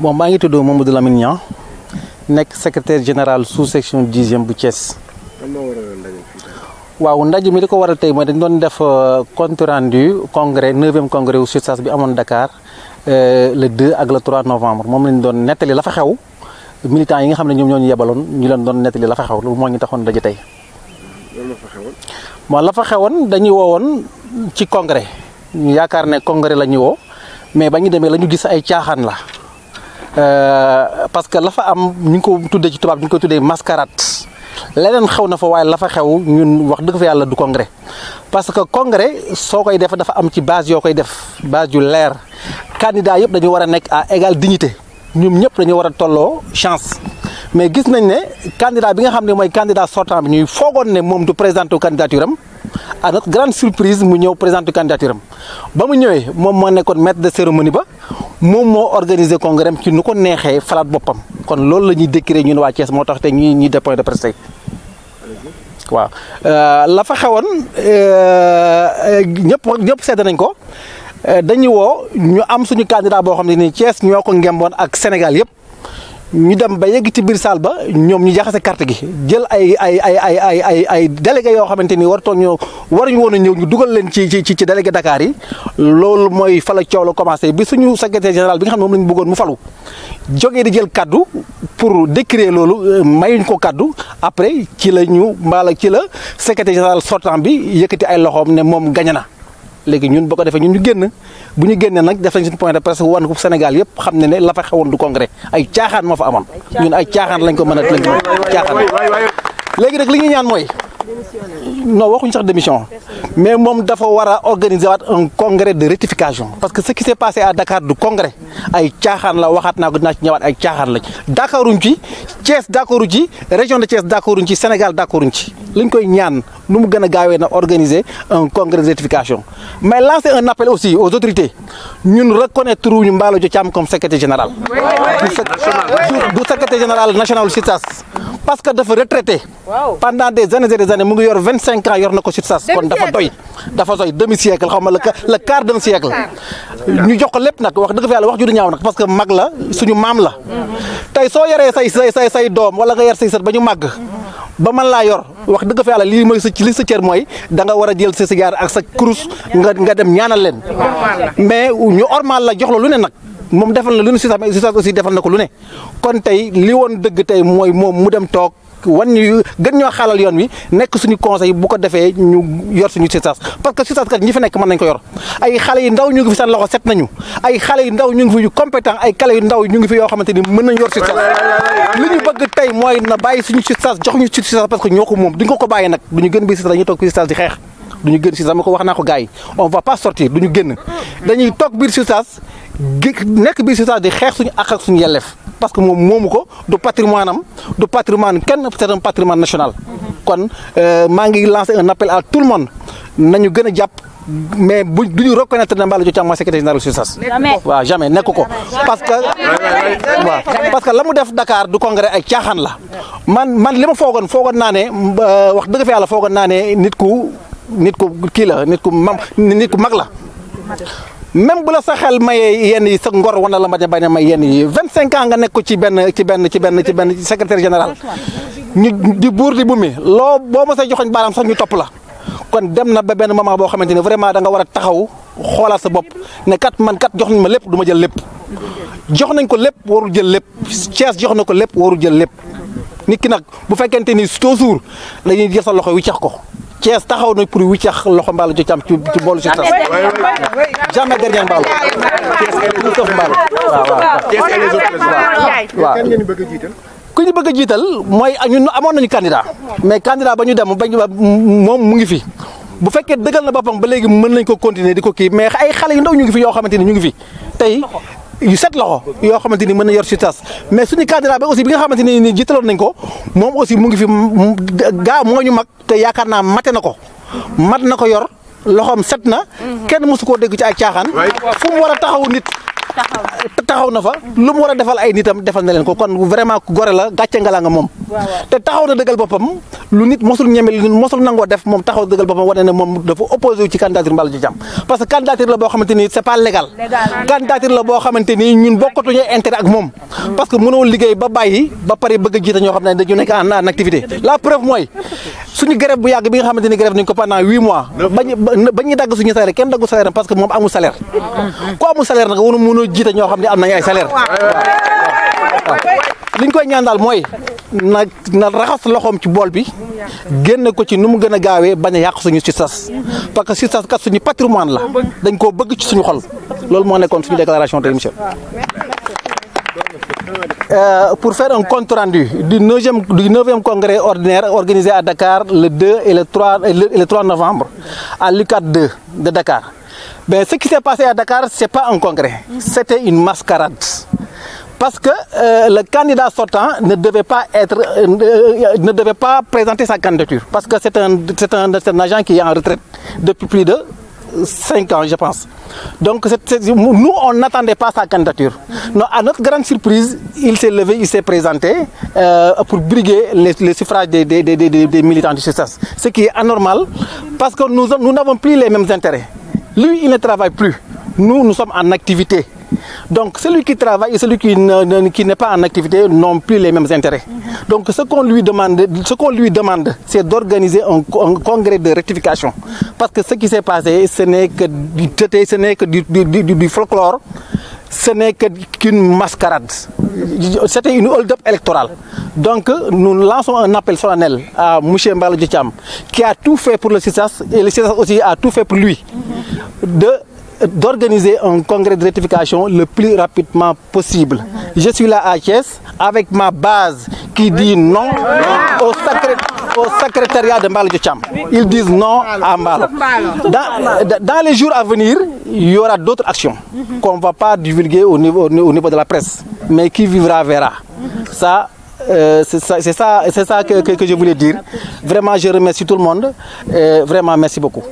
bon maa ngi tudd Mamadou Lamine Niang nekk secretaire général sous section dixième bu Thiès. waaw ndaje mi li ko war waral tey mooy dañu doon def euh, compte rendu congrès neuvième congrès wu SUTSAS bi amoon Dakar euh, le 2 ak le 3 novembre moom lañ doon nettali la fa xew militants yi nga xam ne ñoom ñoo ñu yebaloon ñu leen doon nettali la fa xew loolu moo ñu taxoon daje tey. bon la fa xewoon dañuy woowoon ci congrès ñu yaakaar ne congrès la ñu woo mais ba ñu demee la ñu gis ay caaxaan la. Euh, parce que lafa am ñu ngi ko tuddee ci tubaab ñu ngi ko tuddee mascarade leneen xew na fa waaye la fa xew ñun wax dëgg fa yàlla du congrès parce que congrès soo koy def dafa am ci base yoo koy def base yu leer candidat yëpp dañu war a nekk à égale dignité ñoom ñëpp dañu war a tolloo chance mais gis nañ ne candidat bi nga xam ne mooy candidat sortant bi ñuy foogoon ne moom du présenté candidature am a notre grande surprise mu ñëw présenté candidature am ba mu ñëwee moom moo nekkoon maître de cérémonie ba moom moo organiser congrès am ci nu ko neexee falaat boppam kon loolu la ñuy décrire ñun waa cees moo tax te ñuy ñuy def de presse tey waaw euh, la fa xewoon euh, ñëpp ñëpp nañ ko euh, dañu woo ñu am suñu candidat boo xam ne nii Thiès ñoo ko ngemboon ak Sénégal yëpp. ñu dem ba yegg ci biir saal ba ñoom ñu jaxase carte gi jël ay ay ay ay ay ay ay délégué yoo xamante ni warutoon ñoo waruñu woon a ñëw ñu dugal leen ci ci ci délégué Dakar yi loolu mooy fala la coow la commencé bi suñu secrétaire général bi nga xam ne moom lañu bëggoon mu falu jógee di jël kaddu pour décrire loolu euh, mayuñ ko kaddu après ci la ñu mbaala ci la secrétaire général sortant bi yëkkati ay loxoom ne moom gañe na. léegi ñun boo ko defee ñun ñu génn bu ñu génnee nag def nañ suñu point de presse wan ko Sénégal yëpp xam ne ne la fa xewoon du congrès ay caaxaan moo fa amoon ñun ay caaxaan lañ ko mën a lañ ko caaxaan léegi nag li ñuy ñaan mooy non waxuñ sax démission mais moom dafa war a organiser waat un congrès de rectification parce que ce qui s'est passé à Dakar du congrès ay caaxaan la waxaat naa ko dinaa ci ñëwaat ay caaxaan lañ d'accorduñ ci Thiès d'accorduñ ci région de Thiès d'accorduñ ci Sénégal d'accorduñ ci lañ koy ñaan nu mu gën a gaawee na organiser un congrès de rectification mais lancer un appel aussi aux autorités ñun reconnaître ñu Mballo Dia Thiam comme secrétaire général du secrétaire général national SITAS parce que dafa retraité. waaw pendant des années et des années mu ngi yor vingt cinq ans yor na ko sur sas kon dafa doy dafa doy demi siècle xaw la le quart ñu jox ko lépp nag wax dëgg fa yàlla wax ju du ñaaw nag parce que mag la suñu maam la. tey soo yoree say say say say doom wala nga yar say sët ba ñu màgg. ba man laa yor wax dëgg fi yàlla lii mooy sa li sa cër mooy danga nga war a jël sa sigaar ak sa kurus nga nga dem ñaanal leen. mais ñu ormal la jox la lu ne nag. moom defal na lu ne Siteu aussi defal na ko lu ne kon tey li woon dëgg tey mooy moom mu dem toog wan ñu gën ñoo xaalal yoon wi nekk suñu conseil bu ko defee ñu yor suñu Siteu parce que Siteu kat ñi fi nekk mën nañ ko yor ay xale yu ndaw ñu ngi fi seen loxo set nañu ay xale yu ndaw ñu ngi fi yu compétent ay xale yu ndaw ñu ngi fi yoo xamante ni mën nañ yor Siteu li ñu bëgg tey mooy na bàyyi suñu Siteu jox ñu Siteu parce que ñoo ko moom duñ ko duñu génn si dama ko wax naa on va pas sortir duñu génn dañuy toog biir Sicas nekk biir Sicas di xeex suñu ak ak suñu yelleef parce que moom moomu ko du patrimoine am du patrimoine kenn c'est un patrimoine national kon euh, maa ngi lancer un appel à tout le monde nañu gën a jàpp mais bu du ñu reconnaître ne Mballo Dia Thiam mooy secrétaire général Sicas waaw jamais nekk ko parce que waaw la mu def Dakar du congrès ay caaxaan la man man li ma foogoon foogoon naa ne euh, wax dëgg fa yàlla foogoon naa ne nit ku nit ko kii la nit ku mag nit ku mag la même bu la sa xel mayee yenn yi sa ngor na la ma a bañ a may yenn yi vingt cinq ans nga nekk ko ci benn ci benn ci benn ci benn secrétaire général ñu di buur di bumi loo boo ma sa joxoñ baaraam sax ñu topp la kon dem na ba benn moment boo xamante ni vraiment da nga war a taxaw xoolaat sa bopp ne kat man kat jox nañ ma lépp duma jël lépp jox nañ ko lépp warul jël lépp Thiès jox na ko lépp warul jël lépp nit ki nag bu fekkente ni toujours dañuy jël sa loxo wi cax ko cees taxaw na pour wiccax loxo Mballo Dia Thiam ci ci mboolu si tas. jamais dernier Mballo. Thiès et bëgg a jiital. ku ñu bëgg jiital mooy ñun amoon nañu candidat. mais candidat ba ñu dem ba ñu moom mu ngi fi. bu fekkee dëggal na boppam ba léegi mën nañ ko continuer di ko kii mais ay xale yu ndaw ñu ngi fi yoo xamante ni ñu ngi fi tey. yu set loxo yoo xamante ni mën na yor si tas mais suñu candidat ba aussi bi nga xamante ni ni nañ ko moom aussi mu ngi fi gaa moo ñu mag te yaakaar naa mate na ko mat na ko yor loxoom set na kenn mosu koo dégg ci ay caaxaan fu war a taxaw nit taxaw na fa lu mu war a defal ay nitam defal na leen ko kon vraiment gore la gàcce ngala nga moom te taxaw na dëggal boppam lu nit mosul ñeme lu nit mosul nangoo def moom taxaw dëggal boppam wane ne moom dafa opposé wu ci candidature Mballo Dia Thiam parce que candidature la boo xamante ni boo xamante ni ñun ak moom parce que mënoo liggéey ba bàyyi ba pare bëgg a ñoo xam ne dañu nekk en activité bu yàgg bi nga xamante ni grève nañ ko pendant huit mois bañ ba ñuy dagg suñu salaire kenn daggu salaire parce que moom ay salaire waaw liñ koy ñaan daal mooy na na raxas loxoom ci bool bi génne ko ci nu mu gën a gaawee bañ yàq suñu sisas parce que sisas kat suñu patrimoine la dañ ko bëgg ci suñu xol loolu moo nekkoon suñu déclaration de monsieur. Euh, pour faire un compte rendu du 9 du 9e congrès ordinaire organisé à Dakar le 2 et le trois le, le 3 novembre à l'UCAT 2 de Dakar. Ben, ce qui s'est passé à Dakar, ce n'est pas un congrès, c'était une mascarade. parce que euh, le candidat sortant ne devait pas être euh, ne devait pas présenter sa candidature parce que c'est un c'est un, un agent qui est en retraite depuis plus de cinq ans je pense donc c nous on n'attendait pas sa candidature non à notre grande surprise il s'est présenté euh, pour briguer les, les suffrages des, des, des, des militants du CESAS ce qui est anormal parce que nous n'avons plus les mêmes intérêts lui il ne travaille plus nous nous sommes en activité Donc celui qui travaille et celui qui n'est pas en activité n'ont plus les mêmes intérêts. Donc ce lui demande, ce qu'on lui demande, c'est d'organiser un, congrès de rectification. Parce que ce qui s'est passé, ce n'est que du tété, ce n'est que du, folklore ce n'est qu'une mascarade. C'était une hold-up électorale. Donc, nous lançons un appel solennel à Mouché Mbalo qui a tout fait pour le CISAS et le CISAS aussi a tout fait pour lui. De d'organiser un congrès de rectification le plus rapidement possible. Je suis là à Thiès avec ma base qui dit non au, sacré, au secrétariat de Mbalo Tcham. Ils disent non à Mbalo. Dans, dans, les jours à venir, il y aura d'autres actions qu'on ne va pas divulguer au niveau, de la presse. Mais qui vivra verra. Ça, euh, c'est ça, ça, ça que, que, que, je voulais dire. Vraiment, je remercie tout le monde. Et vraiment, merci beaucoup.